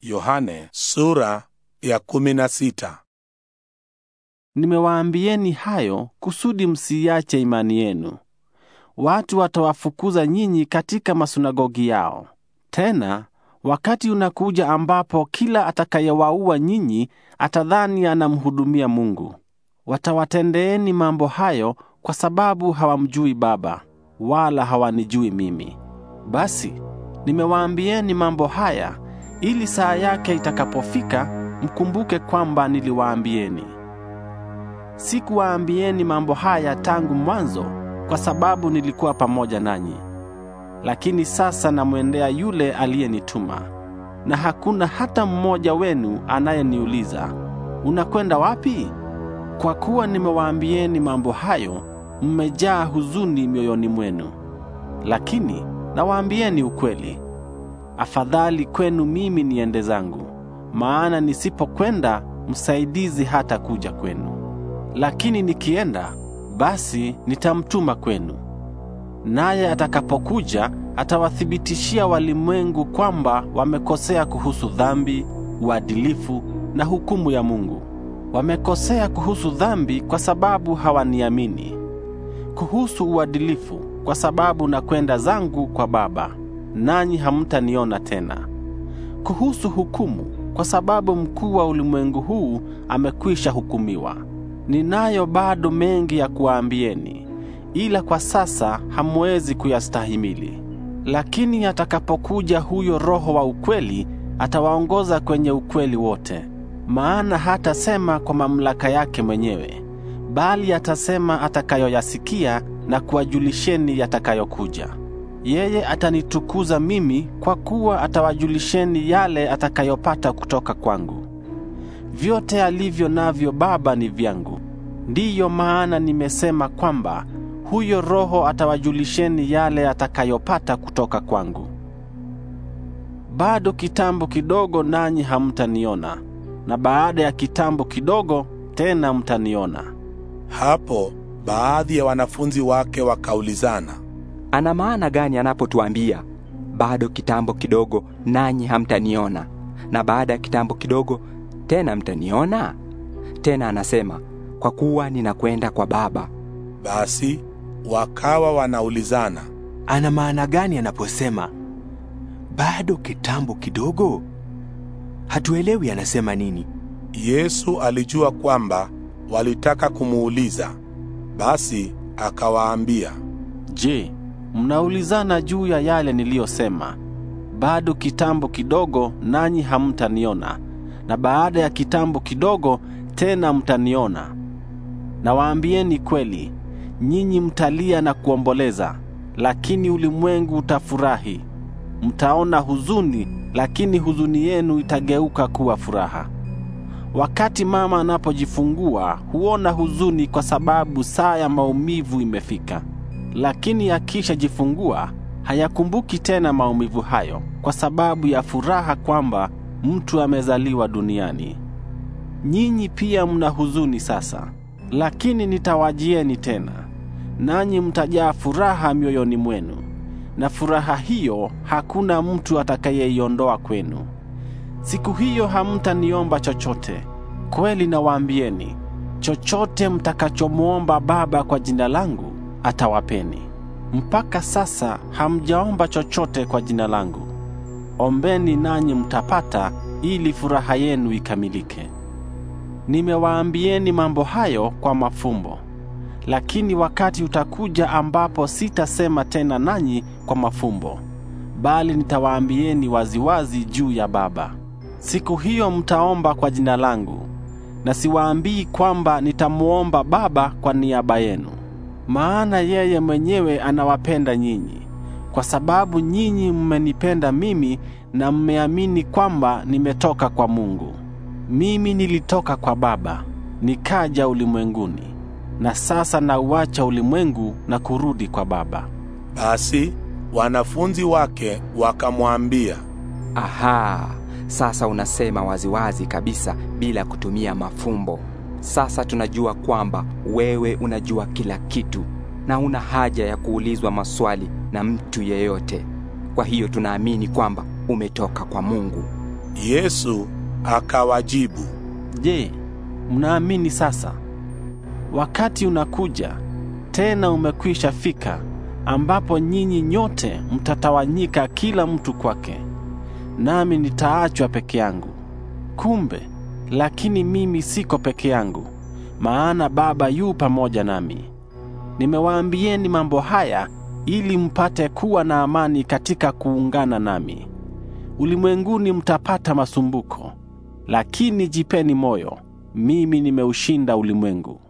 Yohane sura ya kumi na sita. Nimewaambieni hayo kusudi msiiache imani yenu. Watu watawafukuza nyinyi katika masunagogi yao. Tena wakati unakuja ambapo kila atakayewaua nyinyi atadhani anamhudumia Mungu. Watawatendeeni mambo hayo kwa sababu hawamjui Baba wala hawanijui mimi. Basi nimewaambieni mambo haya ili saa yake itakapofika mkumbuke kwamba niliwaambieni. Sikuwaambieni mambo haya tangu mwanzo kwa sababu nilikuwa pamoja nanyi. Lakini sasa namwendea yule aliyenituma, na hakuna hata mmoja wenu anayeniuliza, unakwenda wapi? Kwa kuwa nimewaambieni mambo hayo, mmejaa huzuni mioyoni mwenu. Lakini nawaambieni ukweli, afadhali kwenu mimi niende zangu, maana nisipokwenda msaidizi hata kuja kwenu, lakini nikienda, basi nitamtuma kwenu. Naye atakapokuja atawathibitishia walimwengu kwamba wamekosea kuhusu dhambi, uadilifu na hukumu ya Mungu. Wamekosea kuhusu dhambi kwa sababu hawaniamini, kuhusu uadilifu kwa sababu nakwenda zangu kwa Baba nanyi hamtaniona tena. Kuhusu hukumu, kwa sababu mkuu wa ulimwengu huu amekwisha hukumiwa. Ninayo bado mengi ya kuwaambieni, ila kwa sasa hamwezi kuyastahimili. Lakini atakapokuja huyo Roho wa ukweli, atawaongoza kwenye ukweli wote, maana hatasema kwa mamlaka yake mwenyewe, bali atasema atakayoyasikia na kuwajulisheni yatakayokuja yeye atanitukuza mimi, kwa kuwa atawajulisheni yale atakayopata kutoka kwangu. Vyote alivyo navyo Baba ni vyangu. Ndiyo maana nimesema kwamba huyo Roho atawajulisheni yale atakayopata kutoka kwangu. Bado kitambo kidogo, nanyi hamtaniona, na baada ya kitambo kidogo tena mtaniona. Hapo baadhi ya wanafunzi wake wakaulizana ana maana gani anapotuambia bado kitambo kidogo nanyi hamtaniona na baada ya kitambo kidogo tena mtaniona? Tena anasema kwa kuwa ninakwenda kwa Baba. Basi wakawa wanaulizana, ana maana gani anaposema bado kitambo kidogo? Hatuelewi anasema nini. Yesu alijua kwamba walitaka kumuuliza, basi akawaambia, je, mnaulizana juu ya yale niliyosema. Bado kitambo kidogo, nanyi hamtaniona, na baada ya kitambo kidogo tena mtaniona. Nawaambieni kweli, nyinyi mtalia na kuomboleza, lakini ulimwengu utafurahi. Mtaona huzuni, lakini huzuni yenu itageuka kuwa furaha. Wakati mama anapojifungua huona huzuni, kwa sababu saa ya maumivu imefika lakini akishajifungua hayakumbuki tena maumivu hayo kwa sababu ya furaha kwamba mtu amezaliwa duniani. Nyinyi pia mna huzuni sasa, lakini nitawajieni tena, nanyi mtajaa furaha mioyoni mwenu, na furaha hiyo hakuna mtu atakayeiondoa kwenu. Siku hiyo hamtaniomba chochote. Kweli nawaambieni, chochote mtakachomwomba Baba kwa jina langu atawapeni. Mpaka sasa hamjaomba chochote kwa jina langu. Ombeni nanyi mtapata, ili furaha yenu ikamilike. Nimewaambieni mambo hayo kwa mafumbo, lakini wakati utakuja ambapo sitasema tena nanyi kwa mafumbo, bali nitawaambieni waziwazi juu ya Baba. Siku hiyo mtaomba kwa jina langu, na siwaambii kwamba nitamwomba Baba kwa niaba yenu maana yeye mwenyewe anawapenda nyinyi, kwa sababu nyinyi mmenipenda mimi na mmeamini kwamba nimetoka kwa Mungu. Mimi nilitoka kwa Baba nikaja ulimwenguni, na sasa nauacha ulimwengu na kurudi kwa Baba. Basi wanafunzi wake wakamwambia, aha, sasa unasema waziwazi kabisa bila kutumia mafumbo. Sasa tunajua kwamba wewe unajua kila kitu na una haja ya kuulizwa maswali na mtu yeyote. Kwa hiyo tunaamini kwamba umetoka kwa Mungu. Yesu akawajibu, Je, mnaamini sasa? Wakati unakuja tena umekwisha fika ambapo nyinyi nyote mtatawanyika kila mtu kwake, nami nitaachwa peke yangu. Kumbe lakini mimi siko peke yangu, maana Baba yu pamoja nami. Nimewaambieni mambo haya ili mpate kuwa na amani katika kuungana nami. Ulimwenguni mtapata masumbuko, lakini jipeni moyo, mimi nimeushinda ulimwengu.